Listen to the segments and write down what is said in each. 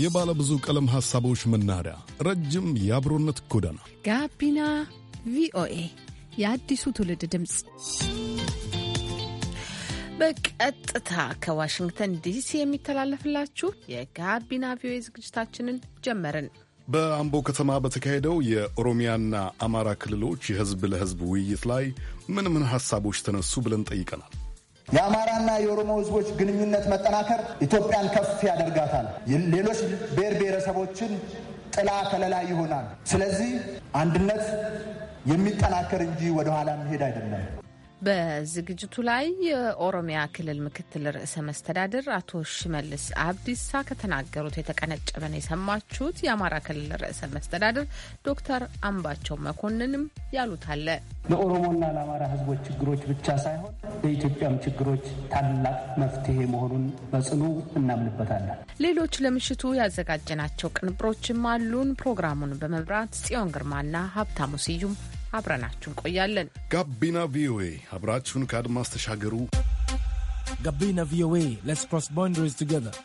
የባለ ብዙ ቀለም ሐሳቦች መናኸሪያ፣ ረጅም የአብሮነት ጎዳና ጋቢና ቪኦኤ የአዲሱ ትውልድ ድምፅ በቀጥታ ከዋሽንግተን ዲሲ የሚተላለፍላችሁ የጋቢና ቪኦኤ ዝግጅታችንን ጀመርን። በአምቦ ከተማ በተካሄደው የኦሮሚያና አማራ ክልሎች የህዝብ ለህዝብ ውይይት ላይ ምን ምን ሐሳቦች ተነሱ ብለን ጠይቀናል። የአማራና የኦሮሞ ህዝቦች ግንኙነት መጠናከር ኢትዮጵያን ከፍ ያደርጋታል፣ ሌሎች ብሔር ብሔረሰቦችን ጥላ ከለላ ይሆናል። ስለዚህ አንድነት የሚጠናከር እንጂ ወደኋላ መሄድ አይደለም። በዝግጅቱ ላይ የኦሮሚያ ክልል ምክትል ርዕሰ መስተዳድር አቶ ሽመልስ አብዲሳ ከተናገሩት የተቀነጨበን የሰማችሁት። የአማራ ክልል ርዕሰ መስተዳድር ዶክተር አምባቸው መኮንንም ያሉት አለ። ለኦሮሞና ለአማራ ህዝቦች ችግሮች ብቻ ሳይሆን ለኢትዮጵያም ችግሮች ታላቅ መፍትሄ መሆኑን በጽኑ እናምንበታለን። ሌሎች ለምሽቱ ያዘጋጀናቸው ቅንብሮችም አሉን። ፕሮግራሙን በመብራት ጽዮን ግርማና ሀብታሙ ስዩም አብረናችሁ እንቆያለን። ጋቢና ቪኦኤ አብራችሁን ከአድማስ ተሻገሩ። ጋቢና ቪኦኤ ሌትስ ክሮስ ባውንደሪስ ቱጌዘር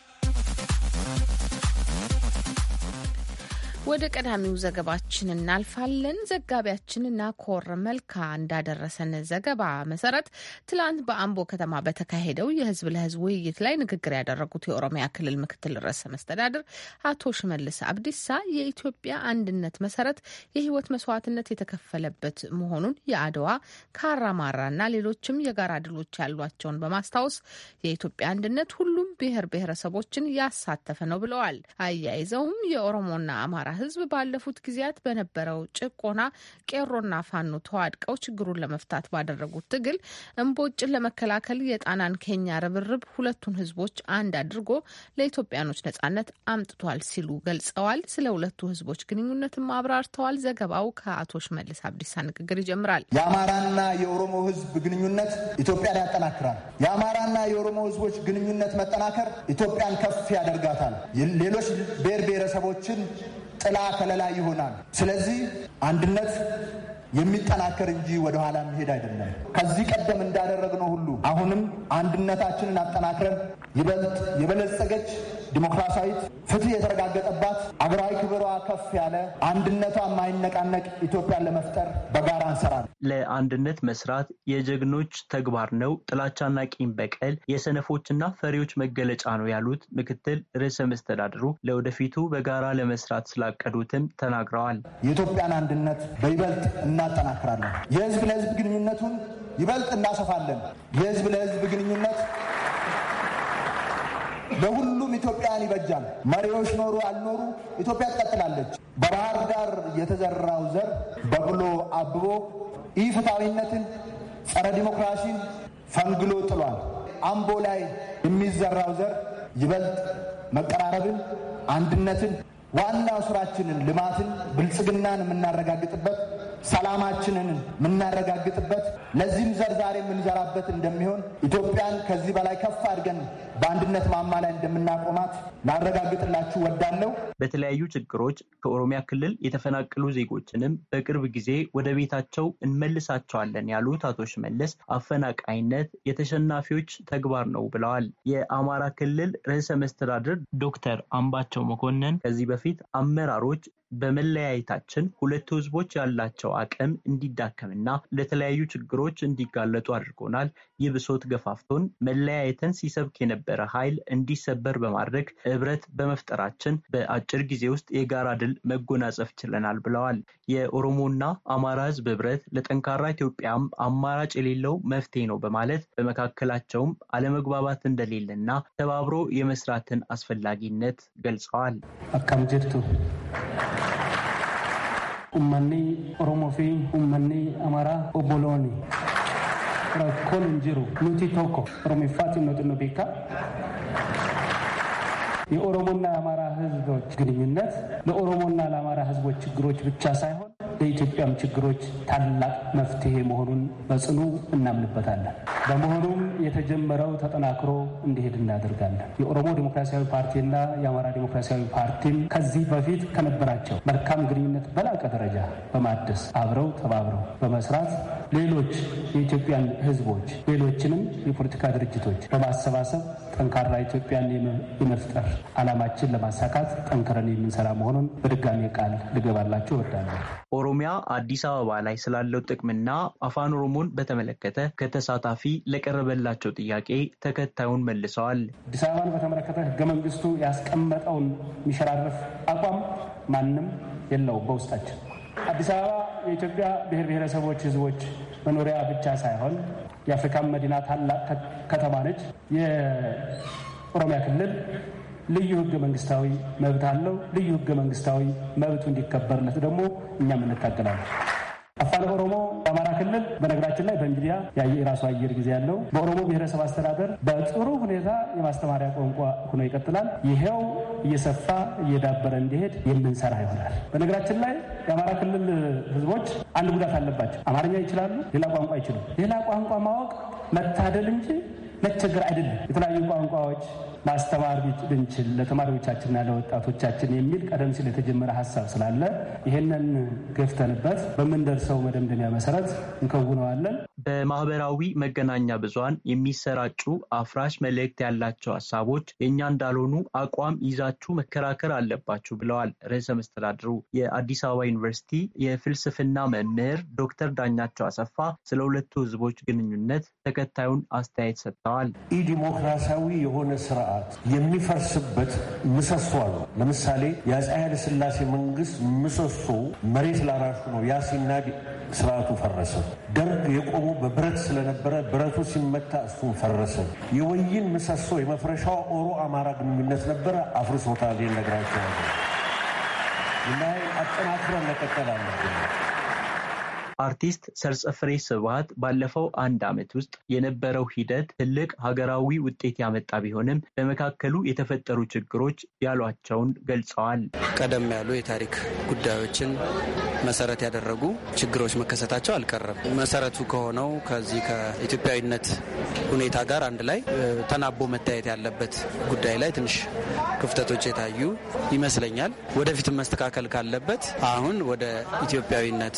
ወደ ቀዳሚው ዘገባችን እናልፋለን። ዘጋቢያችንና ኮር መልካ እንዳደረሰን ዘገባ መሰረት ትላንት በአምቦ ከተማ በተካሄደው የህዝብ ለህዝብ ውይይት ላይ ንግግር ያደረጉት የኦሮሚያ ክልል ምክትል ርዕሰ መስተዳድር አቶ ሽመልስ አብዲሳ የኢትዮጵያ አንድነት መሰረት የህይወት መስዋዕትነት የተከፈለበት መሆኑን የአድዋ ካራማራና ሌሎችም የጋራ ድሎች ያሏቸውን በማስታወስ የኢትዮጵያ አንድነት ሁሉም ብሔር ብሔረሰቦችን ያሳተፈ ነው ብለዋል። አያይዘውም የኦሮሞና አማራ ህዝብ ባለፉት ጊዜያት በነበረው ጭቆና ቄሮና ፋኖ ተዋድቀው ችግሩን ለመፍታት ባደረጉት ትግል እምቦጭን ለመከላከል የጣናን ኬኛ ርብርብ ሁለቱን ህዝቦች አንድ አድርጎ ለኢትዮጵያኖች ነጻነት አምጥቷል ሲሉ ገልጸዋል። ስለ ሁለቱ ህዝቦች ግንኙነትም አብራርተዋል። ዘገባው ከአቶ ሽመልስ አብዲሳ ንግግር ይጀምራል። የአማራና የኦሮሞ ህዝብ ግንኙነት ኢትዮጵያን ያጠናክራል። የአማራና የኦሮሞ ህዝቦች ግንኙነት መጠና መጠናከር ኢትዮጵያን ከፍ ያደርጋታል። ሌሎች ብሔር ብሔረሰቦችን ጥላ ከለላ ይሆናል። ስለዚህ አንድነት የሚጠናከር እንጂ ወደ ኋላ መሄድ አይደለም። ከዚህ ቀደም እንዳደረግነው ሁሉ አሁንም አንድነታችንን አጠናክረን ይበልጥ የበለጸገች ዲሞክራሲያዊት፣ ፍትህ የተረጋገጠባት፣ አገራዊ ክብሯ ከፍ ያለ፣ አንድነቷ የማይነቃነቅ ኢትዮጵያን ለመፍጠር በጋራ እንሰራለን። ለአንድነት መስራት የጀግኖች ተግባር ነው። ጥላቻና ቂም በቀል የሰነፎችና ፈሪዎች መገለጫ ነው ያሉት ምክትል ርዕሰ መስተዳድሩ ለወደፊቱ በጋራ ለመስራት ስላቀዱትም ተናግረዋል። የኢትዮጵያን አንድነት በይበልጥ እናጠናክራለን። የህዝብ ለህዝብ ግንኙነቱን ይበልጥ እናሰፋለን። የህዝብ ለህዝብ ግንኙነት ለሁሉም ኢትዮጵያን ይበጃል። መሪዎች ኖሩ አልኖሩ ኢትዮጵያ ትቀጥላለች። በባህር ዳር የተዘራው ዘር በብሎ አብቦ ኢፍትሐዊነትን፣ ጸረ ዲሞክራሲን ፈንግሎ ጥሏል። አምቦ ላይ የሚዘራው ዘር ይበልጥ መቀራረብን፣ አንድነትን፣ ዋናው ስራችንን፣ ልማትን፣ ብልጽግናን የምናረጋግጥበት ሰላማችንን የምናረጋግጥበት ለዚህም ዘር ዛሬ የምንዘራበት እንደሚሆን ኢትዮጵያን ከዚህ በላይ ከፍ አድርገን በአንድነት ማማ ላይ እንደምናቆማት ላረጋግጥላችሁ ወዳለው በተለያዩ ችግሮች ከኦሮሚያ ክልል የተፈናቀሉ ዜጎችንም በቅርብ ጊዜ ወደ ቤታቸው እንመልሳቸዋለን ያሉት አቶ ሽመለስ አፈናቃይነት የተሸናፊዎች ተግባር ነው ብለዋል። የአማራ ክልል ርዕሰ መስተዳድር ዶክተር አምባቸው መኮንን ከዚህ በፊት አመራሮች በመለያየታችን ሁለቱ ህዝቦች ያላቸው አቅም እንዲዳከምና ለተለያዩ ችግሮች እንዲጋለጡ አድርጎናል። ይህ ብሶት ገፋፍቶን መለያየትን ሲሰብክ የነበረ ኃይል እንዲሰበር በማድረግ ህብረት በመፍጠራችን በአጭር ጊዜ ውስጥ የጋራ ድል መጎናጸፍ ችለናል ብለዋል። የኦሮሞና አማራ ህዝብ ህብረት ለጠንካራ ኢትዮጵያም አማራጭ የሌለው መፍትሄ ነው በማለት በመካከላቸውም አለመግባባት እንደሌለና ተባብሮ የመስራትን አስፈላጊነት ገልጸዋል። አካምጀርቱ ummanni Oromoo fi ummanni Amaaraa obboloonni Rakkoon hin jiru nuti tokko Oromiffaati nuti nu beeka የኦሮሞና የአማራ ህዝቦች ግንኙነት ለኦሮሞና ለአማራ ህዝቦች ችግሮች ብቻ ሳይሆን ለኢትዮጵያም ችግሮች ታላቅ መፍትሄ መሆኑን በጽኑ እናምንበታለን። በመሆኑም የተጀመረው ተጠናክሮ እንዲሄድ እናደርጋለን። የኦሮሞ ዴሞክራሲያዊ ፓርቲና የአማራ ዴሞክራሲያዊ ፓርቲም ከዚህ በፊት ከነበራቸው መልካም ግንኙነት በላቀ ደረጃ በማደስ አብረው ተባብረው በመስራት ሌሎች የኢትዮጵያን ህዝቦች ሌሎችንም የፖለቲካ ድርጅቶች በማሰባሰብ ጠንካራ ኢትዮጵያን የመፍጠር ዓላማችን ለማሳካት ጠንክረን የምንሰራ መሆኑን በድጋሜ ቃል ልገባላቸው እወዳለሁ። ኦሮሚያ አዲስ አበባ ላይ ስላለው ጥቅምና አፋን ኦሮሞን በተመለከተ ከተሳታፊ ለቀረበላቸው ጥያቄ ተከታዩን መልሰዋል። አዲስ አበባን በተመለከተ ህገ መንግስቱ ያስቀመጠውን የሚሸራረፍ አቋም ማንም የለውም በውስጣችን አዲስ አበባ የኢትዮጵያ ብሔር ብሔረሰቦች ህዝቦች መኖሪያ ብቻ ሳይሆን የአፍሪካን መዲና ታላቅ ከተማ ነች። የኦሮሚያ ክልል ልዩ ህገ መንግስታዊ መብት አለው። ልዩ ህገ መንግስታዊ መብቱ እንዲከበርለት ደግሞ እኛም እንታገላለን። አፋን ኦሮሞ በአማራ ክልል በነገራችን ላይ በሚዲያ ያየ የራሱ አየር ጊዜ ያለው በኦሮሞ ብሔረሰብ አስተዳደር በጥሩ ሁኔታ የማስተማሪያ ቋንቋ ሆኖ ይቀጥላል። ይሄው እየሰፋ እየዳበረ እንዲሄድ የምንሰራ ይሆናል። በነገራችን ላይ የአማራ ክልል ህዝቦች አንድ ጉዳት አለባቸው። አማርኛ ይችላሉ፣ ሌላ ቋንቋ አይችሉም። ሌላ ቋንቋ ማወቅ መታደል እንጂ መቸገር አይደለም። የተለያዩ ቋንቋዎች ማስተማር ብንችል ለተማሪዎቻችንና ለወጣቶቻችን የሚል ቀደም ሲል የተጀመረ ሀሳብ ስላለ ይህንን ገፍተንበት በምንደርሰው መደምደሚያ መሰረት እንከውነዋለን። በማህበራዊ መገናኛ ብዙሀን የሚሰራጩ አፍራሽ መልእክት ያላቸው ሀሳቦች የእኛ እንዳልሆኑ አቋም ይዛችሁ መከራከር አለባችሁ ብለዋል ርዕሰ መስተዳድሩ። የአዲስ አበባ ዩኒቨርሲቲ የፍልስፍና መምህር ዶክተር ዳኛቸው አሰፋ ስለ ሁለቱ ህዝቦች ግንኙነት ተከታዩን አስተያየት ሰጥተዋል። ኢ ዲሞክራሲያዊ የሆነ ስራ ስርዓት የሚፈርስበት ምሰሶ አለ። ለምሳሌ የአፄ ኃይለ ሥላሴ መንግስት ምሰሶ መሬት ላራሹ ነው። ያ ሲናድ ስርዓቱ ፈረሰ። ደርግ የቆሙ በብረት ስለነበረ ብረቱ ሲመታ እሱም ፈረሰ። የወይን ምሰሶ የመፍረሻው ኦሮ አማራ ግንኙነት ነበረ። አፍርሶታል። ነግራቸው እና አጠናክረን መቀጠል አለብን። አርቲስት ሰርጸፍሬ ስብሐት ባለፈው አንድ ዓመት ውስጥ የነበረው ሂደት ትልቅ ሀገራዊ ውጤት ያመጣ ቢሆንም በመካከሉ የተፈጠሩ ችግሮች ያሏቸውን ገልጸዋል። ቀደም ያሉ የታሪክ ጉዳዮችን መሰረት ያደረጉ ችግሮች መከሰታቸው አልቀረም። መሰረቱ ከሆነው ከዚህ ከኢትዮጵያዊነት ሁኔታ ጋር አንድ ላይ ተናቦ መታየት ያለበት ጉዳይ ላይ ትንሽ ክፍተቶች የታዩ ይመስለኛል። ወደፊት መስተካከል ካለበት አሁን ወደ ኢትዮጵያዊነት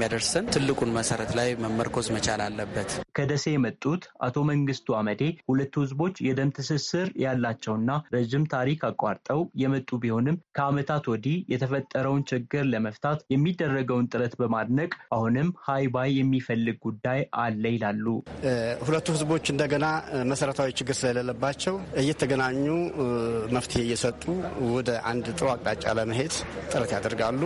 የሚያደርሰን ትልቁን መሰረት ላይ መመርኮዝ መቻል አለበት። ከደሴ የመጡት አቶ መንግስቱ አመዴ ሁለቱ ህዝቦች የደም ትስስር ያላቸውና ረዥም ታሪክ አቋርጠው የመጡ ቢሆንም ከአመታት ወዲህ የተፈጠረውን ችግር ለመፍታት የሚደረገውን ጥረት በማድነቅ አሁንም ሀይ ባይ የሚፈልግ ጉዳይ አለ ይላሉ። ሁለቱ ህዝቦች እንደገና መሰረታዊ ችግር ስለሌለባቸው እየተገናኙ መፍትሄ እየሰጡ ወደ አንድ ጥሩ አቅጣጫ ለመሄድ ጥረት ያደርጋሉ።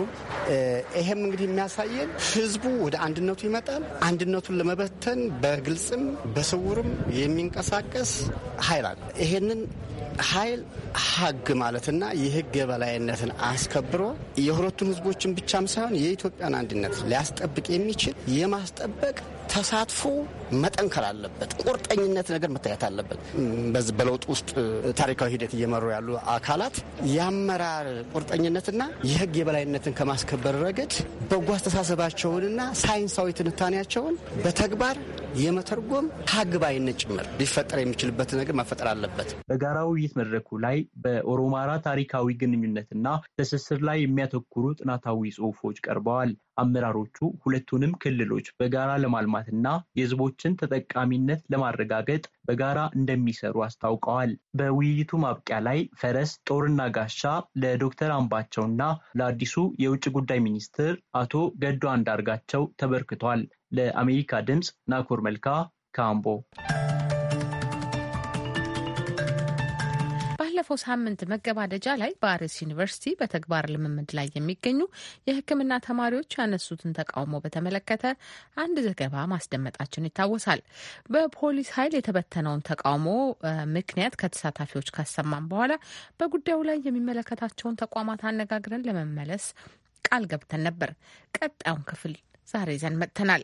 ይሄም እንግዲህ የሚያሳየን ህዝቡ ወደ አንድነቱ ይመጣል። አንድነቱን ለመበተን በግልጽም በስውርም የሚንቀሳቀስ ኃይል አለ። ይሄንን ኃይል ሀግ ማለትና የህግ የበላይነትን አስከብሮ የሁለቱን ህዝቦችን ብቻም ሳይሆን የኢትዮጵያን አንድነት ሊያስጠብቅ የሚችል የማስጠበቅ ተሳትፎ መጠንከር አለበት። ቁርጠኝነት ነገር መታየት አለበት። በለውጥ ውስጥ ታሪካዊ ሂደት እየመሩ ያሉ አካላት የአመራር ቁርጠኝነትና የህግ የበላይነትን ከማስከበር ረገድ በጎ አስተሳሰባቸውንና ሳይንሳዊ ትንታኔያቸውን በተግባር የመተርጎም ከአግባይነት ጭምር ሊፈጠር የሚችልበት ነገር መፈጠር አለበት። በጋራ ውይይት መድረኩ ላይ በኦሮማራ ታሪካዊ ግንኙነትና ትስስር ላይ የሚያተኩሩ ጥናታዊ ጽሑፎች ቀርበዋል። አመራሮቹ ሁለቱንም ክልሎች በጋራ ለማልማትና የህዝቦችን ተጠቃሚነት ለማረጋገጥ በጋራ እንደሚሰሩ አስታውቀዋል። በውይይቱ ማብቂያ ላይ ፈረስ ጦርና ጋሻ ለዶክተር አምባቸውና ለአዲሱ የውጭ ጉዳይ ሚኒስትር አቶ ገዱ አንዳርጋቸው ተበርክቷል። ለአሜሪካ ድምፅ ናኮር መልካ ካምቦ ባለፈው ሳምንት መገባደጃ ላይ በአርስ ዩኒቨርሲቲ በተግባር ልምምድ ላይ የሚገኙ የሕክምና ተማሪዎች ያነሱትን ተቃውሞ በተመለከተ አንድ ዘገባ ማስደመጣችን ይታወሳል። በፖሊስ ኃይል የተበተነውን ተቃውሞ ምክንያት ከተሳታፊዎች ካሰማን በኋላ በጉዳዩ ላይ የሚመለከታቸውን ተቋማት አነጋግረን ለመመለስ ቃል ገብተን ነበር። ቀጣዩን ክፍል ዛሬ ይዘን መጥተናል።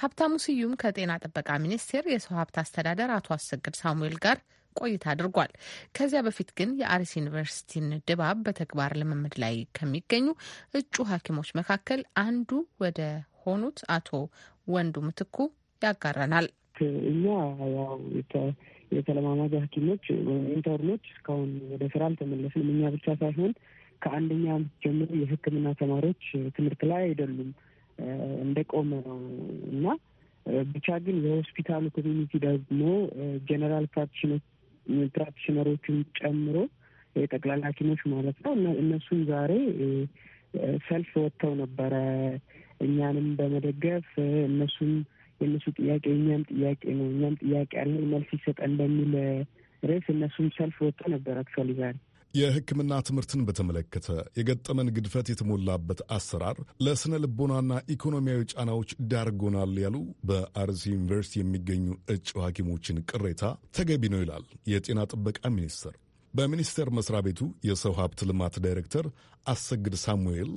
ሀብታሙ ስዩም ከጤና ጥበቃ ሚኒስቴር የሰው ሀብት አስተዳደር አቶ አሰግድ ሳሙኤል ጋር ቆይታ አድርጓል። ከዚያ በፊት ግን የአሪስ ዩኒቨርሲቲን ድባብ በተግባር ልምምድ ላይ ከሚገኙ እጩ ሐኪሞች መካከል አንዱ ወደ ሆኑት አቶ ወንዱ ምትኩ ያጋረናል። እኛ ያው የተለማማጅ ሐኪሞች ወይም ኢንተርኖች እስካሁን ወደ ስራ አልተመለስንም። እኛ ብቻ ሳይሆን ከአንደኛ ጀምሮ የሕክምና ተማሪዎች ትምህርት ላይ አይደሉም። እንደቆመ ነው እና ብቻ ግን የሆስፒታሉ ኮሚኒቲ ደግሞ ጀነራል ፕራክቲሽነሮችን ጨምሮ የጠቅላላ ሐኪሞች ማለት ነው እነሱም ዛሬ ሰልፍ ወጥተው ነበረ እኛንም በመደገፍ እነሱም የእነሱ ጥያቄ እኛም ጥያቄ ነው እኛም ጥያቄ አለ መልስ ይሰጠን በሚል ርዕስ እነሱም ሰልፍ ወጥተው ነበር አክቹዋሊ ዛሬ የሕክምና ትምህርትን በተመለከተ የገጠመን ግድፈት የተሞላበት አሰራር ለስነ ልቦናና ኢኮኖሚያዊ ጫናዎች ዳርጎናል ያሉ በአርሲ ዩኒቨርሲቲ የሚገኙ እጩ ሐኪሞችን ቅሬታ ተገቢ ነው ይላል የጤና ጥበቃ ሚኒስቴር። በሚኒስቴር መስሪያ ቤቱ የሰው ሀብት ልማት ዳይሬክተር አሰግድ ሳሙኤል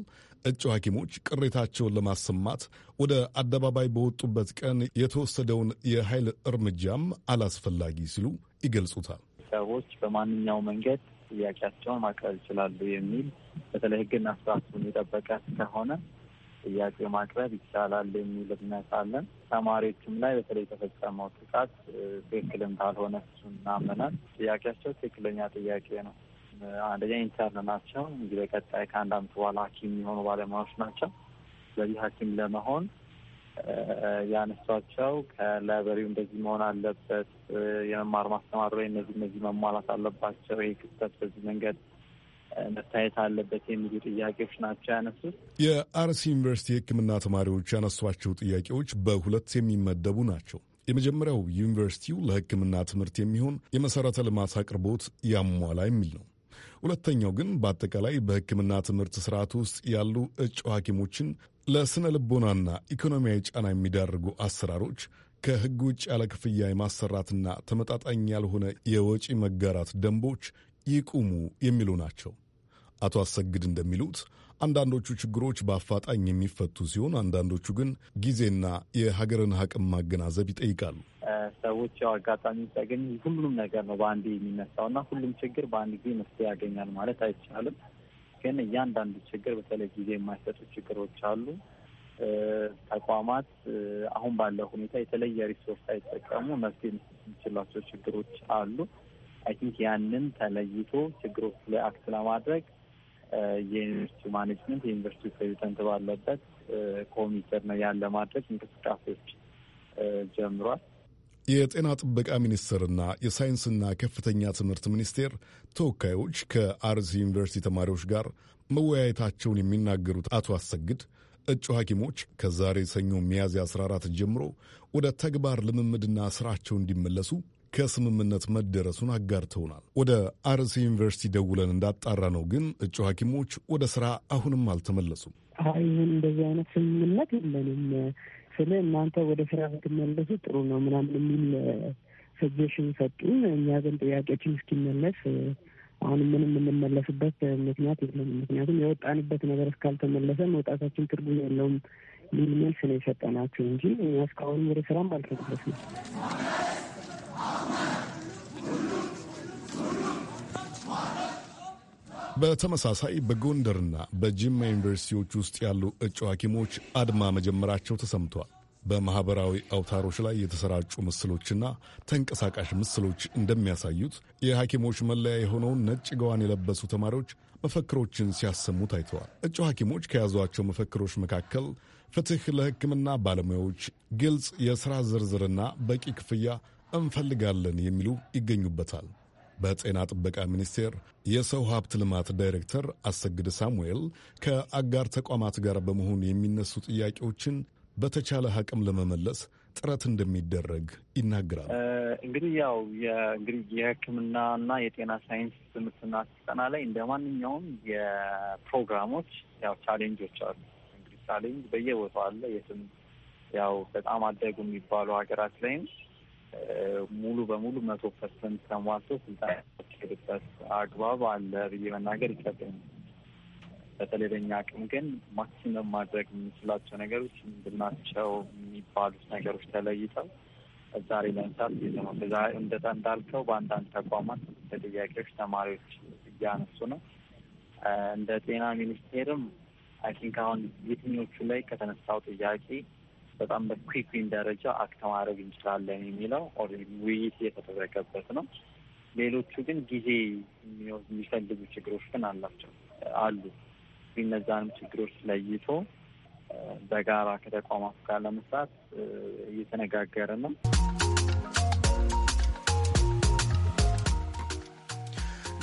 እጩ ሐኪሞች ቅሬታቸውን ለማሰማት ወደ አደባባይ በወጡበት ቀን የተወሰደውን የኃይል እርምጃም አላስፈላጊ ሲሉ ይገልጹታል። ሰዎች በማንኛው መንገድ ጥያቄያቸውን ማቅረብ ይችላሉ የሚል በተለይ ህግና ስርዓቱን የጠበቀ ከሆነ ጥያቄ ማቅረብ ይቻላል የሚል እምነት አለን። ተማሪዎችም ላይ በተለይ የተፈጸመው ጥቃት ትክክልም ካልሆነ እሱን እናምናል። ጥያቄያቸው ትክክለኛ ጥያቄ ነው። አንደኛ ኢንተርን ናቸው። እንግዲህ በቀጣይ ከአንድ አመት በኋላ ሐኪም የሚሆኑ ባለሙያዎች ናቸው። ስለዚህ ሐኪም ለመሆን ያነሷቸው ከላይብረሪው እንደዚህ መሆን አለበት፣ የመማር ማስተማር ላይ እነዚህ እነዚህ መሟላት አለባቸው፣ ይህ ክፍተት በዚህ መንገድ መታየት አለበት የሚሉ ጥያቄዎች ናቸው ያነሱት። የአርሲ ዩኒቨርሲቲ የሕክምና ተማሪዎች ያነሷቸው ጥያቄዎች በሁለት የሚመደቡ ናቸው። የመጀመሪያው ዩኒቨርሲቲው ለሕክምና ትምህርት የሚሆን የመሰረተ ልማት አቅርቦት ያሟላ የሚል ነው። ሁለተኛው ግን በአጠቃላይ በሕክምና ትምህርት ስርዓት ውስጥ ያሉ እጩ ሐኪሞችን ለስነ ልቦናና ኢኮኖሚያዊ ጫና የሚዳርጉ አሰራሮች ከህግ ውጭ ያለ ክፍያ የማሰራትና ተመጣጣኝ ያልሆነ የወጪ መጋራት ደንቦች ይቁሙ የሚሉ ናቸው። አቶ አሰግድ እንደሚሉት አንዳንዶቹ ችግሮች በአፋጣኝ የሚፈቱ ሲሆን፣ አንዳንዶቹ ግን ጊዜና የሀገርን አቅም ማገናዘብ ይጠይቃሉ። ሰዎች ያው አጋጣሚ ሲያገኙ ሁሉንም ነገር ነው የሚነሳው የሚነሳውና ሁሉም ችግር በአንድ ጊዜ መፍትሄ ያገኛል ማለት አይቻልም። ግን እያንዳንዱ ችግር በተለይ ጊዜ የማይሰጡ ችግሮች አሉ። ተቋማት አሁን ባለው ሁኔታ የተለየ ሪሶርስ አይጠቀሙ መፍትሄ መስጠት የሚችላቸው ችግሮች አሉ። አይ ቲንክ ያንን ተለይቶ ችግሮች ላይ አክት ለማድረግ የዩኒቨርሲቲ ማኔጅመንት የዩኒቨርሲቲ ፕሬዚደንት ባለበት ኮሚቴ ነው ያን ለማድረግ እንቅስቃሴዎች ጀምሯል። የጤና ጥበቃ ሚኒስቴርና የሳይንስና ከፍተኛ ትምህርት ሚኒስቴር ተወካዮች ከአርሲ ዩኒቨርሲቲ ተማሪዎች ጋር መወያየታቸውን የሚናገሩት አቶ አሰግድ እጩ ሐኪሞች ከዛሬ ሰኞ ሚያዝያ 14 ጀምሮ ወደ ተግባር ልምምድና ስራቸው እንዲመለሱ ከስምምነት መደረሱን አጋርተውናል። ወደ አርሲ ዩኒቨርሲቲ ደውለን እንዳጣራ ነው ግን እጩ ሐኪሞች ወደ ስራ አሁንም አልተመለሱም። አይ እንደዚህ አይነት ስምምነት የለንም ስለ እናንተ ወደ ስራ ብትመለሱ ጥሩ ነው ምናምን የሚል ሰጀሽን ሰጡን። እኛ ግን ጥያቄያችን እስኪመለስ አሁን ምንም የምንመለስበት ምክንያት የለም። ምክንያቱም የወጣንበት ነገር እስካልተመለሰ መውጣታችን ትርጉም የለውም የሚል መልስ ነው የሰጠናቸው እንጂ እኛ እስካሁን ወደ ስራም አልተመለስንም። በተመሳሳይ በጎንደርና በጅማ ዩኒቨርሲቲዎች ውስጥ ያሉ እጩ ሐኪሞች አድማ መጀመራቸው ተሰምቷል። በማኅበራዊ አውታሮች ላይ የተሰራጩ ምስሎችና ተንቀሳቃሽ ምስሎች እንደሚያሳዩት የሐኪሞች መለያ የሆነውን ነጭ ገዋን የለበሱ ተማሪዎች መፈክሮችን ሲያሰሙ ታይተዋል። እጩ ሐኪሞች ከያዟቸው መፈክሮች መካከል ፍትሕ ለሕክምና ባለሙያዎች፣ ግልጽ የሥራ ዝርዝርና በቂ ክፍያ እንፈልጋለን የሚሉ ይገኙበታል። በጤና ጥበቃ ሚኒስቴር የሰው ሀብት ልማት ዳይሬክተር አሰግድ ሳሙኤል ከአጋር ተቋማት ጋር በመሆን የሚነሱ ጥያቄዎችን በተቻለ አቅም ለመመለስ ጥረት እንደሚደረግ ይናገራል። እንግዲህ ያው እንግዲህ እና የጤና ሳይንስ ትምህርትና ስልጠና ላይ እንደ ማንኛውም የፕሮግራሞች ያው ቻሌንጆች አሉ። እንግዲህ ቻሌንጅ በየቦታው አለ። የትም ያው በጣም አደጉ የሚባሉ ሀገራት ላይም ሙሉ በሙሉ መቶ ፐርሰንት ተሟልቶ ስልጣን የሚካሄድበት አግባብ አለ ብዬ መናገር ይቀብኝ። በተለይ በኛ አቅም ግን ማክሲመም ማድረግ የምንችላቸው ነገሮች ምንድናቸው የሚባሉት ነገሮች ተለይተው ዛሬ ለምሳት እንዳልከው በአንዳንድ ተቋማት ተጠያቂዎች ተማሪዎች እያነሱ ነው። እንደ ጤና ሚኒስቴርም አይ ቲንክ አሁን የትኞቹ ላይ ከተነሳው ጥያቄ በጣም በኩክዊን ደረጃ አክተ ማድረግ እንችላለን የሚለው ኦልሬዲ ውይይት እየተደረገበት ነው። ሌሎቹ ግን ጊዜ የሚፈልጉ ችግሮች ግን አላቸው አሉ። እነዛንም ችግሮች ለይቶ በጋራ ከተቋማቱ ጋር ለመስራት እየተነጋገረ ነው።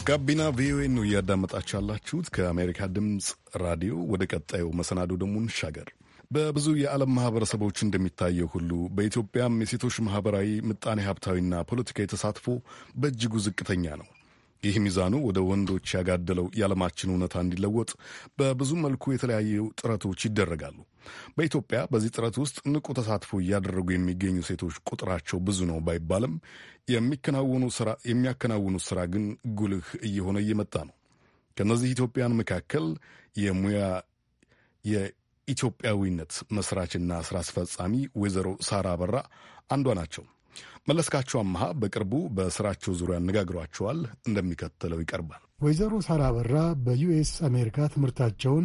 ጋቢና ቪኦኤ ነው እያዳመጣችሁ ያላችሁት ከአሜሪካ ድምፅ ራዲዮ። ወደ ቀጣዩ መሰናዶ ደግሞ እንሻገር። በብዙ የዓለም ማህበረሰቦች እንደሚታየው ሁሉ በኢትዮጵያም የሴቶች ማህበራዊ ምጣኔ ሀብታዊና ፖለቲካዊ ተሳትፎ በእጅጉ ዝቅተኛ ነው። ይህ ሚዛኑ ወደ ወንዶች ያጋደለው የዓለማችን እውነታ እንዲለወጥ በብዙ መልኩ የተለያዩ ጥረቶች ይደረጋሉ። በኢትዮጵያ በዚህ ጥረት ውስጥ ንቁ ተሳትፎ እያደረጉ የሚገኙ ሴቶች ቁጥራቸው ብዙ ነው ባይባልም የሚያከናውኑት ስራ ግን ጉልህ እየሆነ እየመጣ ነው። ከእነዚህ ኢትዮጵያን መካከል የሙያ ኢትዮጵያዊነት መስራችና ስራ አስፈጻሚ ወይዘሮ ሳራ በራ አንዷ ናቸው። መለስካቸው አመሃ በቅርቡ በስራቸው ዙሪያ አነጋግሯቸዋል፣ እንደሚከተለው ይቀርባል። ወይዘሮ ሳራ በራ በዩኤስ አሜሪካ ትምህርታቸውን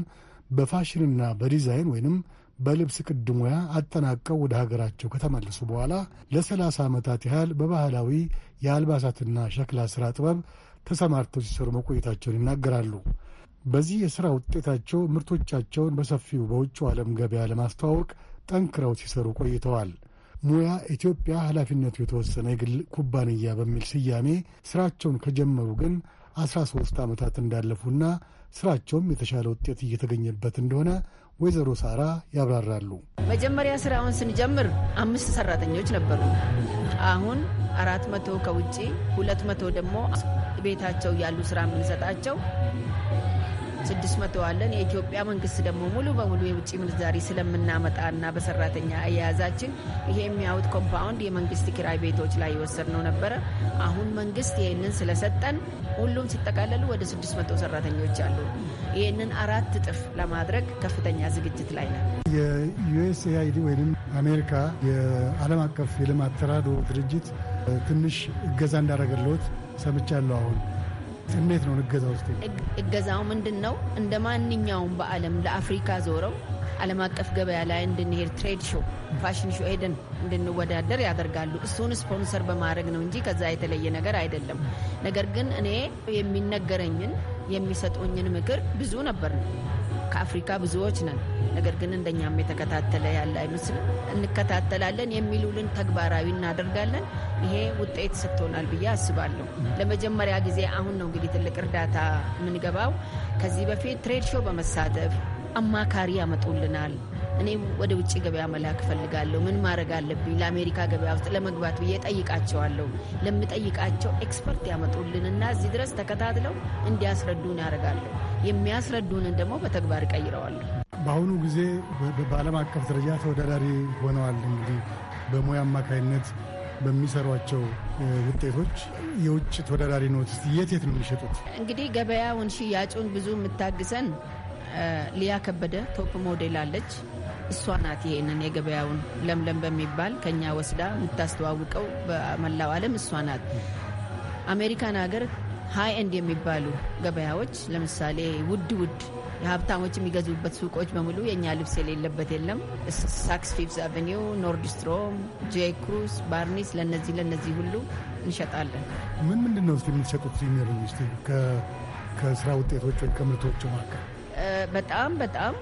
በፋሽንና በዲዛይን ወይንም በልብስ ቅድ ሙያ አጠናቀው ወደ ሀገራቸው ከተመለሱ በኋላ ለሰላሳ ዓመታት ያህል በባህላዊ የአልባሳትና ሸክላ ስራ ጥበብ ተሰማርተው ሲሰሩ መቆየታቸውን ይናገራሉ። በዚህ የሥራ ውጤታቸው ምርቶቻቸውን በሰፊው በውጭ ዓለም ገበያ ለማስተዋወቅ ጠንክረው ሲሰሩ ቆይተዋል። ሙያ ኢትዮጵያ ኃላፊነቱ የተወሰነ የግል ኩባንያ በሚል ስያሜ ሥራቸውን ከጀመሩ ግን አስራ ሦስት ዓመታት እንዳለፉና ሥራቸውም የተሻለ ውጤት እየተገኘበት እንደሆነ ወይዘሮ ሳራ ያብራራሉ። መጀመሪያ ስራውን ስንጀምር አምስት ሰራተኞች ነበሩ። አሁን አራት መቶ ከውጭ ሁለት መቶ ደግሞ ቤታቸው ያሉ ስራ የምንሰጣቸው ስድስት መቶ አለን። የኢትዮጵያ መንግስት ደግሞ ሙሉ በሙሉ የውጭ ምንዛሪ ስለምናመጣና በሰራተኛ አያያዛችን ይሄ የሚያወጥ ኮምፓውንድ የመንግስት ኪራይ ቤቶች ላይ የወሰድነው ነበረ። አሁን መንግስት ይህንን ስለሰጠን ሁሉም ሲጠቃለሉ ወደ ስድስት መቶ ሰራተኞች አሉ። ይህንን አራት እጥፍ ለማድረግ ከፍተኛ ዝግጅት ላይ ነው። የዩኤስኤአይዲ ወይም አሜሪካ የዓለም አቀፍ የልማት ተራድኦ ድርጅት ትንሽ እገዛ እንዳደረገለት ሰምቻለሁ አሁን እንዴት ነው ውስጥ እገዛው ምንድን ነው? እንደ ማንኛውም በዓለም ለአፍሪካ ዞረው ዓለም አቀፍ ገበያ ላይ እንድንሄድ ትሬድ ሾ፣ ፋሽን ሾ ሄደን እንድንወዳደር ያደርጋሉ። እሱን ስፖንሰር በማድረግ ነው እንጂ ከዛ የተለየ ነገር አይደለም። ነገር ግን እኔ የሚነገረኝን የሚሰጡኝን ምክር ብዙ ነበር ነው ከአፍሪካ ብዙዎች ነን። ነገር ግን እንደኛም የተከታተለ ያለ አይመስልም። እንከታተላለን፣ የሚሉልን ተግባራዊ እናደርጋለን። ይሄ ውጤት ሰጥቶናል ብዬ አስባለሁ። ለመጀመሪያ ጊዜ አሁን ነው እንግዲህ ትልቅ እርዳታ የምንገባው። ከዚህ በፊት ትሬድ ሾው በመሳተፍ አማካሪ ያመጡልናል እኔም ወደ ውጭ ገበያ መላክ እፈልጋለሁ፣ ምን ማድረግ አለብኝ ለአሜሪካ ገበያ ውስጥ ለመግባት ብዬ ጠይቃቸዋለሁ። ለምጠይቃቸው ኤክስፐርት ያመጡልንና እዚህ ድረስ ተከታትለው እንዲያስረዱን ያደርጋለሁ። የሚያስረዱንን ደግሞ በተግባር እቀይረዋለሁ። በአሁኑ ጊዜ በዓለም አቀፍ ደረጃ ተወዳዳሪ ሆነዋል። እንግዲህ በሙያ አማካይነት በሚሰሯቸው ውጤቶች የውጭ ተወዳዳሪ ኖት የት የት ነው የሚሸጡት? እንግዲህ ገበያውን ሽያጩን ብዙ የምታግዘን ሊያ ከበደ ቶፕ ሞዴል አለች። እሷ ናት ይሄንን የገበያውን ለምለም በሚባል ከኛ ወስዳ የምታስተዋውቀው በመላው ዓለም እሷ ናት። አሜሪካን ሀገር ሀይ ኤንድ የሚባሉ ገበያዎች ለምሳሌ ውድ ውድ የሀብታሞች የሚገዙበት ሱቆች በሙሉ የእኛ ልብስ የሌለበት የለም። ሳክስ ፊፍዝ አቨኒው፣ ኖርድስትሮም፣ ጄ ክሩስ፣ ባርኒስ ለነዚህ ለነዚህ ሁሉ እንሸጣለን። ምን ምንድን ነው የምትሸጡት? ከስራ ውጤቶች ከምርቶች መካከል በጣም በጣም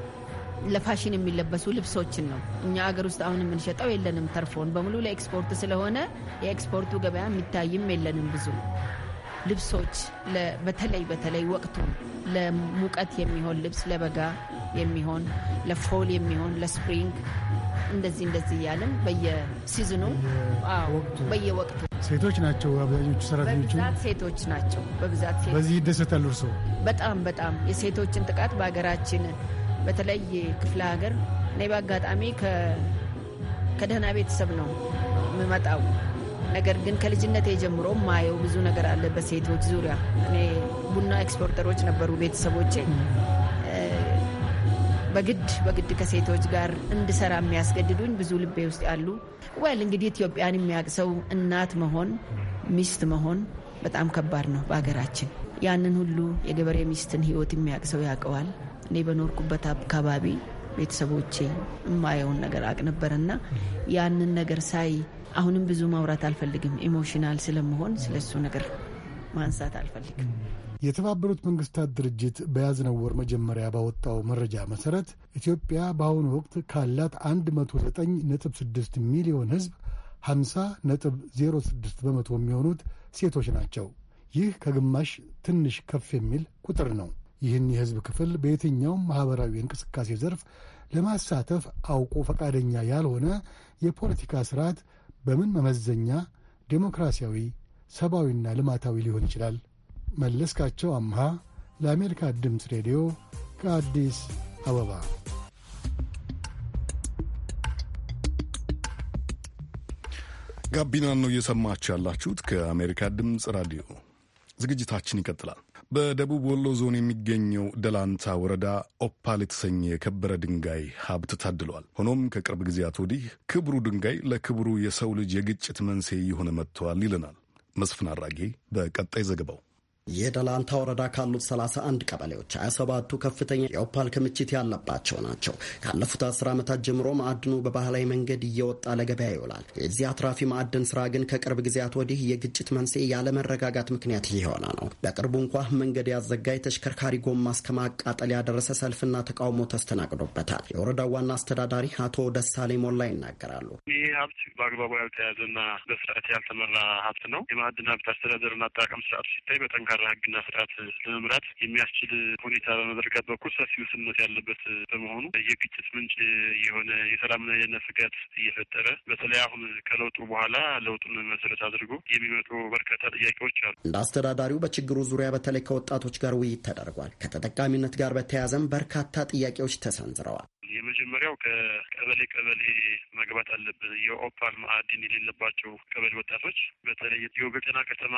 ለፋሽን የሚለበሱ ልብሶችን ነው። እኛ አገር ውስጥ አሁን የምንሸጠው የለንም። ተርፎን በሙሉ ለኤክስፖርት ስለሆነ የኤክስፖርቱ ገበያ የሚታይም የለንም ብዙ ልብሶች በተለይ በተለይ ወቅቱ ለሙቀት የሚሆን ልብስ ለበጋ የሚሆን ለፎል የሚሆን ለስፕሪንግ እንደዚህ እንደዚህ እያለን በየሲዝኑ በየወቅቱ ሴቶች ናቸው አብዛኞቹ ሰራተኞቹ በብዛት ሴቶች ናቸው። በብዛት በዚህ ይደሰታሉ እርስዎ? በጣም በጣም የሴቶችን ጥቃት በሀገራችን በተለይ ክፍለ ሀገር እኔ በአጋጣሚ ከደህና ቤተሰብ ነው የምመጣው። ነገር ግን ከልጅነት የጀምሮ ማየው ብዙ ነገር አለ በሴቶች ዙሪያ። እኔ ቡና ኤክስፖርተሮች ነበሩ ቤተሰቦቼ። በግድ በግድ ከሴቶች ጋር እንድሰራ የሚያስገድዱኝ ብዙ ልቤ ውስጥ ያሉ ወል እንግዲህ ኢትዮጵያን የሚያቅሰው እናት መሆን ሚስት መሆን በጣም ከባድ ነው በሀገራችን። ያንን ሁሉ የገበሬ ሚስትን ህይወት የሚያቅሰው ያውቀዋል። እኔ በኖርኩበት አካባቢ ቤተሰቦቼ የማየውን ነገር አቅ ነበርና ያንን ነገር ሳይ አሁንም ብዙ ማውራት አልፈልግም። ኢሞሽናል ስለመሆን ስለሱ ነገር ማንሳት አልፈልግም። የተባበሩት መንግስታት ድርጅት በያዝነው ወር መጀመሪያ ባወጣው መረጃ መሰረት ኢትዮጵያ በአሁኑ ወቅት ካላት 109.6 ሚሊዮን ህዝብ 50.06 በመቶ የሚሆኑት ሴቶች ናቸው። ይህ ከግማሽ ትንሽ ከፍ የሚል ቁጥር ነው። ይህን የህዝብ ክፍል በየትኛውም ማኅበራዊ እንቅስቃሴ ዘርፍ ለማሳተፍ አውቆ ፈቃደኛ ያልሆነ የፖለቲካ ስርዓት በምን መመዘኛ ዴሞክራሲያዊ፣ ሰብአዊና ልማታዊ ሊሆን ይችላል? መለስካቸው አምሃ ለአሜሪካ ድምፅ ሬዲዮ ከአዲስ አበባ። ጋቢናን ነው እየሰማችሁ ያላችሁት። ከአሜሪካ ድምፅ ራዲዮ ዝግጅታችን ይቀጥላል። በደቡብ ወሎ ዞን የሚገኘው ደላንታ ወረዳ ኦፓል የተሰኘ የከበረ ድንጋይ ሀብት ታድሏል። ሆኖም ከቅርብ ጊዜያት ወዲህ ክብሩ ድንጋይ ለክብሩ የሰው ልጅ የግጭት መንስኤ እየሆነ መጥተዋል ይለናል መስፍን አራጌ በቀጣይ ዘገባው የደላንታ ወረዳ ካሉት 31 ቀበሌዎች 27ቱ ከፍተኛ የኦፓል ክምችት ያለባቸው ናቸው። ካለፉት 10 ዓመታት ጀምሮ ማዕድኑ በባህላዊ መንገድ እየወጣ ለገበያ ይውላል። የዚህ አትራፊ ማዕድን ስራ ግን ከቅርብ ጊዜያት ወዲህ የግጭት መንስኤ ያለመረጋጋት ምክንያት እየሆነ ነው። በቅርቡ እንኳ መንገድ ያዘጋ የተሽከርካሪ ጎማ እስከ ማቃጠል ያደረሰ ሰልፍና ተቃውሞ ተስተናግዶበታል። የወረዳው ዋና አስተዳዳሪ አቶ ደሳሌ ሞላ ይናገራሉ። ይህ ሀብት በአግባቡ ያልተያዘና በስርዓት ያልተመራ ሀብት ነው። የማዕድን ሀብት አስተዳደርና አጠቃቀም ስርዓቱ ሲታይ በጠንካ ጠንካራ ህግና ስርዓት ለመምራት የሚያስችል ሁኔታ በመዘርጋት በኩል ሰፊ ውስንነት ያለበት በመሆኑ የግጭት ምንጭ የሆነ የሰላምና የደህንነት ስጋት እየፈጠረ በተለይ አሁን ከለውጡ በኋላ ለውጡን መሰረት አድርጎ የሚመጡ በርካታ ጥያቄዎች አሉ። እንደ አስተዳዳሪው በችግሩ ዙሪያ በተለይ ከወጣቶች ጋር ውይይት ተደርጓል። ከተጠቃሚነት ጋር በተያያዘም በርካታ ጥያቄዎች ተሰንዝረዋል። የመጀመሪያው ከቀበሌ ቀበሌ መግባት አለብን። የኦፓል ማዕድን የሌለባቸው ቀበሌ ወጣቶች በተለይ የወገጤና ከተማ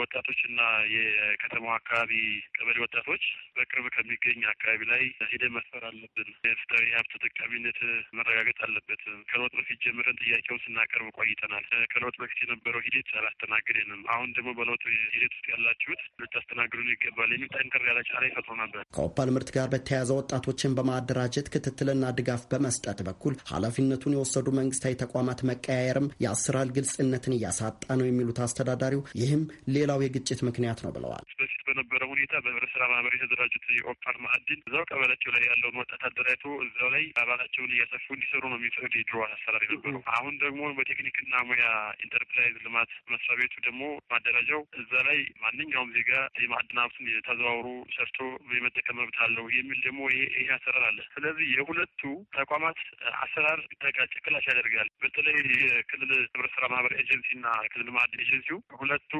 ወጣቶች እና የከተማው አካባቢ ቀበሌ ወጣቶች በቅርብ ከሚገኝ አካባቢ ላይ ሂደ መስፈር አለብን። የፍትሐዊ ሀብት ተጠቃሚነት መረጋገጥ አለበት። ከለውጥ በፊት ጀምረን ጥያቄውን ስናቀርብ ቆይተናል። ከለውጥ በፊት የነበረው ሂደት አላስተናገደንም። አሁን ደግሞ በለውጥ ሂደት ውስጥ ያላችሁት ልታስተናግዱን ይገባል የሚል ጠንከር ያለ ጫና ይፈጥሮ ነበር። ከኦፓል ምርት ጋር በተያያዘ ወጣቶችን በማደራጀት ክትትልና ክትትልና ድጋፍ በመስጠት በኩል ኃላፊነቱን የወሰዱ መንግስታዊ ተቋማት መቀያየርም የአሰራር ግልጽነትን እያሳጣ ነው የሚሉት አስተዳዳሪው፣ ይህም ሌላው የግጭት ምክንያት ነው ብለዋል። በፊት በነበረው ሁኔታ በህብረት ስራ ማህበር የተደራጁት የኦፓል ማዕድን እዛው ቀበላቸው ላይ ያለውን ወጣት አደራጅቶ እዛው ላይ አባላቸውን እያሰፉ እንዲሰሩ ነው የሚፈቅድ የድሮ አሰራር የነበረው። አሁን ደግሞ በቴክኒክና ሙያ ኢንተርፕራይዝ ልማት መስሪያ ቤቱ ደግሞ ማደራጃው እዛ ላይ ማንኛውም ዜጋ የማዕድን ሀብትን ተዘዋውሮ ሰርቶ የመጠቀም መብት አለው የሚል ደግሞ ይሄ አሰራር አለ። ስለዚህ የሁለት ሁለቱ ተቋማት አሰራር ጭቅላሽ ያደርጋል። በተለይ የክልል ህብረት ስራ ማህበር ኤጀንሲና ክልል ማዕድ ኤጀንሲው ሁለቱ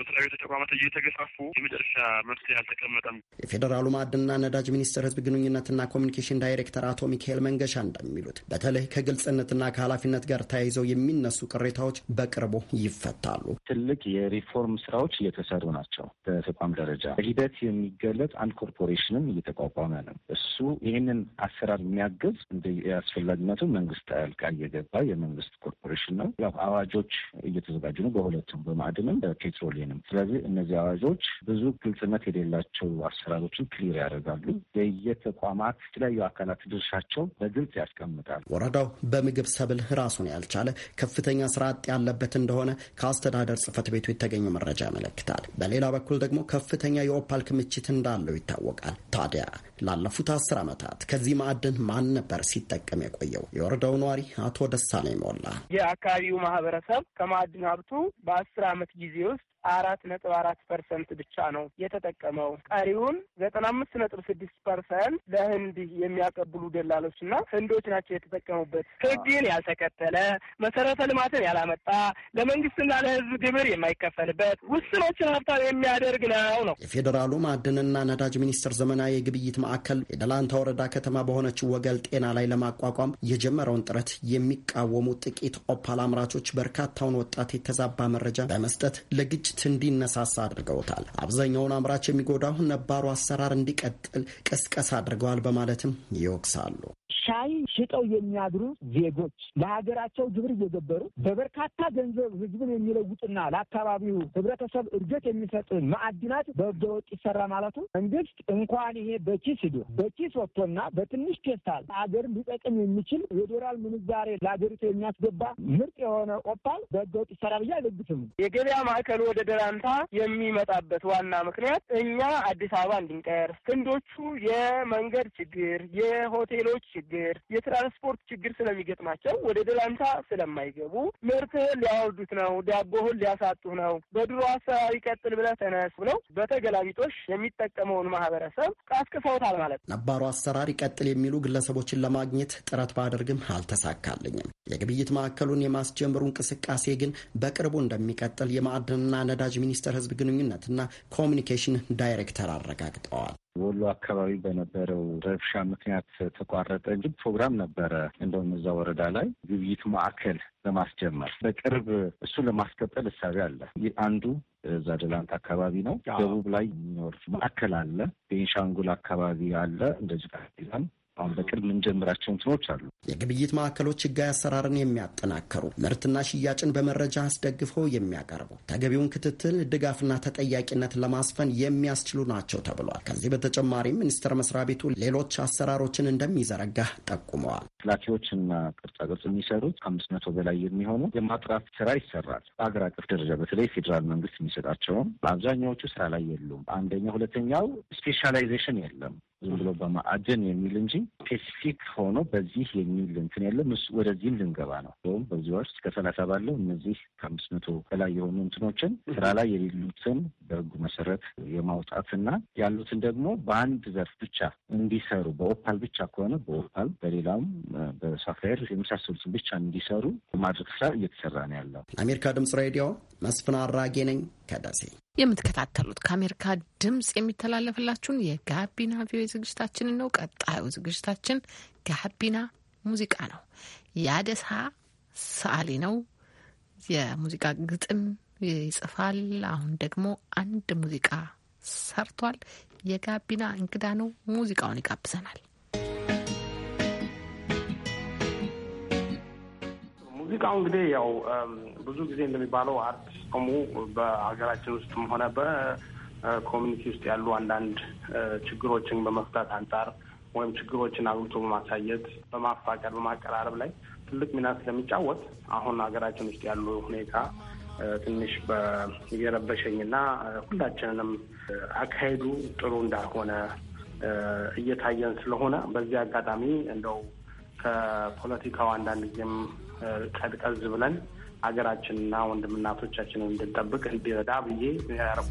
መስሪያ ቤቶች ተቋማት እየተገፋፉ የመጨረሻ መፍትሄ አልተቀመጠም። የፌዴራሉ ማዕድና ነዳጅ ሚኒስቴር ህዝብ ግንኙነትና ኮሚኒኬሽን ዳይሬክተር አቶ ሚካኤል መንገሻ እንደሚሉት በተለይ ከግልጽነትና ከኃላፊነት ጋር ተያይዘው የሚነሱ ቅሬታዎች በቅርቡ ይፈታሉ። ትልቅ የሪፎርም ስራዎች እየተሰሩ ናቸው። በተቋም ደረጃ በሂደት የሚገለጥ አንድ ኮርፖሬሽንም እየተቋቋመ ነው። እሱ ይህንን አሰራር የሚያ ለማገዝ እንደ የአስፈላጊነቱ መንግስት ጣልቃ እየገባ የመንግስት ኮርፖሬሽን ነው። ያው አዋጆች እየተዘጋጁ ነው፣ በሁለቱም በማዕድንም በፔትሮሊየንም። ስለዚህ እነዚህ አዋጆች ብዙ ግልጽነት የሌላቸው አሰራሮችን ክሊር ያደርጋሉ። የየተቋማት የተለያዩ አካላት ድርሻቸው በግልጽ ያስቀምጣል። ወረዳው በምግብ ሰብል ራሱን ያልቻለ ከፍተኛ ስራ አጥ ያለበት እንደሆነ ከአስተዳደር ጽህፈት ቤቱ የተገኘ መረጃ ያመለክታል። በሌላ በኩል ደግሞ ከፍተኛ የኦፓል ክምችት እንዳለው ይታወቃል። ታዲያ ላለፉት አስር ዓመታት ከዚህ ማዕድን ማን ነበር ሲጠቀም የቆየው? የወረዳው ነዋሪ አቶ ደሳለኝ ሞላ የአካባቢው ማህበረሰብ ከማዕድን ሀብቱ በአስር ዓመት ጊዜ ውስጥ አራት ነጥብ አራት ፐርሰንት ብቻ ነው የተጠቀመው። ቀሪውን ዘጠና አምስት ነጥብ ስድስት ፐርሰንት ለህንድ የሚያቀብሉ ደላሎችና ህንዶች ናቸው የተጠቀሙበት። ህግን ያልተከተለ መሰረተ ልማትን ያላመጣ ለመንግስትና ለህዝብ ግብር የማይከፈልበት ውስኖችን ሀብታም የሚያደርግ ነው ነው የፌዴራሉ ማዕድንና ነዳጅ ሚኒስቴር ዘመናዊ የግብይት ማዕከል የደላንታ ወረዳ ከተማ በሆነችው ወገል ጤና ላይ ለማቋቋም የጀመረውን ጥረት የሚቃወሙ ጥቂት ኦፓል አምራቾች በርካታውን ወጣት የተዛባ መረጃ በመስጠት ለግጭ ለግጭት እንዲነሳሳ አድርገውታል። አብዛኛውን አምራች የሚጎዳው ነባሩ አሰራር እንዲቀጥል ቅስቀሳ አድርገዋል በማለትም ይወቅሳሉ። ሻይ ሽጠው የሚያድሩ ዜጎች ለሀገራቸው ግብር እየገበሩ በበርካታ ገንዘብ ህዝብን የሚለውጥና ለአካባቢው ህብረተሰብ እድገት የሚሰጥ ማዕድናት በህገወጥ ይሰራ ማለቱ መንግስት እንኳን ይሄ በኪስ ሂዶ በኪስ ወጥቶና በትንሽ ኬስታል ሀገርን ሊጠቅም የሚችል የዶላር ምንዛሬ ለሀገሪቱ የሚያስገባ ምርጥ የሆነ ኦፓል በህገወጥ ይሰራ ብዬ አይለግትም። የገበያ ማዕከል ወደ ወደ ደራንታ የሚመጣበት ዋና ምክንያት እኛ አዲስ አበባ እንድንቀር ክንዶቹ የመንገድ ችግር፣ የሆቴሎች ችግር፣ የትራንስፖርት ችግር ስለሚገጥማቸው ወደ ደራንታ ስለማይገቡ ምርትህን ሊያወርዱት ነው፣ ዳቦህን ሊያሳጡህ ነው፣ በድሮ አሰራር ይቀጥል ብለህ ተነስ ብለው በተገላቢጦሽ የሚጠቀመውን ማህበረሰብ ቀስቅሰውታል ማለት ነው። ነባሩ አሰራር ይቀጥል የሚሉ ግለሰቦችን ለማግኘት ጥረት ባደርግም አልተሳካልኝም። የግብይት ማዕከሉን የማስጀምሩ እንቅስቃሴ ግን በቅርቡ እንደሚቀጥል የማዕድንና ነዳጅ ሚኒስቴር ህዝብ ግንኙነትና ኮሚኒኬሽን ዳይሬክተር አረጋግጠዋል። ወሎ አካባቢ በነበረው ረብሻ ምክንያት ተቋረጠ እንጂ ፕሮግራም ነበረ። እንደውም እዛ ወረዳ ላይ ግብይት ማዕከል ለማስጀመር በቅርብ እሱን ለማስቀጠል እሳቤ አለ። አንዱ እዛ ደላንት አካባቢ ነው። ደቡብ ላይ የሚኖር ማዕከል አለ። ቤንሻንጉል አካባቢ አለ። እንደዚህ አሁን በቅርብ የምንጀምራቸው እንትኖች አሉ። የግብይት ማዕከሎች ህጋዊ አሰራርን የሚያጠናከሩ ምርትና ሽያጭን በመረጃ አስደግፈው የሚያቀርቡ ተገቢውን ክትትል ድጋፍና ተጠያቂነት ለማስፈን የሚያስችሉ ናቸው ተብሏል። ከዚህ በተጨማሪም ሚኒስቴር መስሪያ ቤቱ ሌሎች አሰራሮችን እንደሚዘረጋ ጠቁመዋል። ላኪዎችና ቅርጻቅርጽ የሚሰሩት ከአምስት መቶ በላይ የሚሆኑ የማጥራት ስራ ይሰራል። በአገር አቀፍ ደረጃ በተለይ ፌዴራል መንግስት የሚሰጣቸውም በአብዛኛዎቹ ስራ ላይ የሉም። አንደኛ ሁለተኛው ስፔሻላይዜሽን የለም። ዝም ብሎ በማዕድን የሚል እንጂ ስፔሲፊክ ሆኖ በዚህ የሚል እንትን የለም። እሱ ወደዚህም ልንገባ ነው። ወይም በዚህ ወር እስከ ሰላሳ ባለው እነዚህ ከአምስት መቶ በላይ የሆኑ እንትኖችን ስራ ላይ የሌሉትን በህጉ መሰረት የማውጣትና ያሉትን ደግሞ በአንድ ዘርፍ ብቻ እንዲሰሩ በኦፓል ብቻ ከሆነ በኦፓል በሌላም በሶፍትዌር የመሳሰሉትን ብቻ እንዲሰሩ ማድረግ ስራ እየተሰራ ነው ያለው። አሜሪካ ድምጽ ሬዲዮ መስፍን አራጌ ነኝ ከደሴ። የምትከታተሉት ከአሜሪካ ድምፅ የሚተላለፍላችሁን የጋቢና ቪኦኤ ዝግጅታችንን ነው። ቀጣዩ ዝግጅታችን ጋቢና ሙዚቃ ነው። የአደሳ ሰዓሊ ነው። የሙዚቃ ግጥም ይጽፋል። አሁን ደግሞ አንድ ሙዚቃ ሰርቷል። የጋቢና እንግዳ ነው። ሙዚቃውን ይጋብዘናል። ሙዚቃው እንግዲህ ያው ብዙ ጊዜ እንደሚባለው አርቲስቱሙ በሀገራችን ውስጥም ሆነ በኮሚኒቲ ውስጥ ያሉ አንዳንድ ችግሮችን በመፍታት አንጻር ወይም ችግሮችን አጉልቶ በማሳየት በማፋቀር በማቀራረብ ላይ ትልቅ ሚና ስለሚጫወት አሁን ሀገራችን ውስጥ ያሉ ሁኔታ ትንሽ የረበሸኝና ሁላችንንም አካሄዱ ጥሩ እንዳልሆነ እየታየን ስለሆነ በዚህ አጋጣሚ እንደው ከፖለቲካው አንዳንድ ጊዜም ቀድቀዝ ብለን ሀገራችንና ወንድምናቶቻችንን እንድንጠብቅ እንዲረዳ ብዬ ያርኩ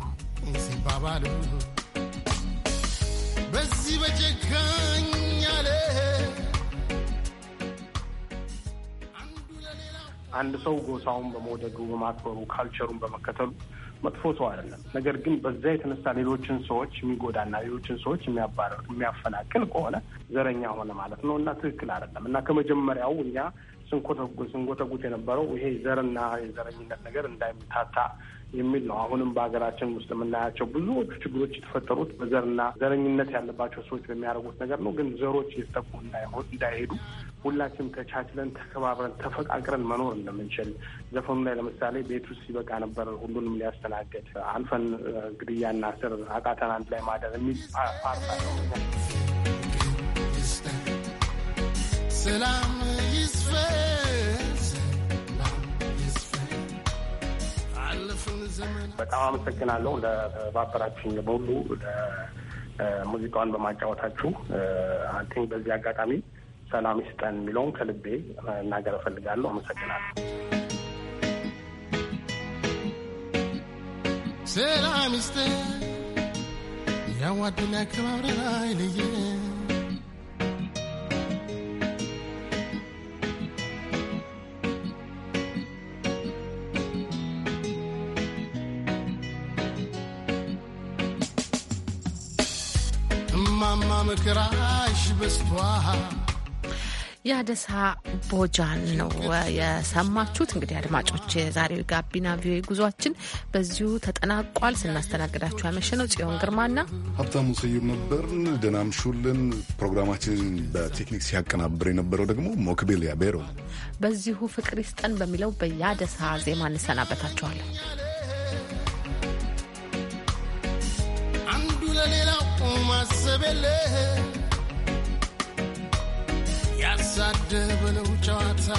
በዚህ በጀጋኛለ አንድ ሰው ጎሳውን በመውደዱ በማክበሩ ካልቸሩን በመከተሉ መጥፎ ሰው አይደለም። ነገር ግን በዛ የተነሳ ሌሎችን ሰዎች የሚጎዳና ሌሎችን ሰዎች የሚያባረር የሚያፈናቅል ከሆነ ዘረኛ ሆነ ማለት ነው እና ትክክል አይደለም እና ከመጀመሪያው እኛ ስንጎተጉት የነበረው ይሄ ዘርና የዘረኝነት ነገር እንዳይምታታ የሚል ነው። አሁንም በሀገራችን ውስጥ የምናያቸው ብዙዎቹ ችግሮች የተፈጠሩት በዘርና ዘረኝነት ያለባቸው ሰዎች በሚያደርጉት ነገር ነው። ግን ዘሮች የተጠቁ እንዳይሄዱ ሁላችንም ተቻችለን፣ ተከባብረን፣ ተፈቃቅረን መኖር እንደምንችል ዘፈኑ ላይ ለምሳሌ ቤት ውስጥ ሲበቃ ነበር ሁሉንም ሊያስተናገድ አልፈን ግድያና ስር አቃተን አንድ ላይ ማደር የሚል ፓርታ ነው። በጣም አመሰግናለሁ ለባበራችን በሁሉ ሙዚቃዋን በማጫወታችሁ አንቲንግ በዚህ አጋጣሚ ሰላም ይስጠን የሚለውን ከልቤ እናገር እፈልጋለሁ። አመሰግናለሁ። ሰላም ይስጠን ያዋድና ከባብረን አይለየን እማማ ምክራሽ በስቷል። የአደሳ ቦጃን ነው የሰማችሁት። እንግዲህ አድማጮች የዛሬው ጋቢና ቪኦኤ ጉዟችን በዚሁ ተጠናቋል። ስናስተናግዳችሁ ነው ጽዮን ግርማና ሀብታሙ ስዩም ነበርን። ደህና አምሹልን። ፕሮግራማችንን በቴክኒክ ሲያቀናብር የነበረው ደግሞ ሞክቤል ያቤሮ። በዚሁ ፍቅር ይስጠን በሚለው በያደሳ ዜማ እንሰናበታችኋለን። ያሰበልህ ያሳደበለው ጨዋታ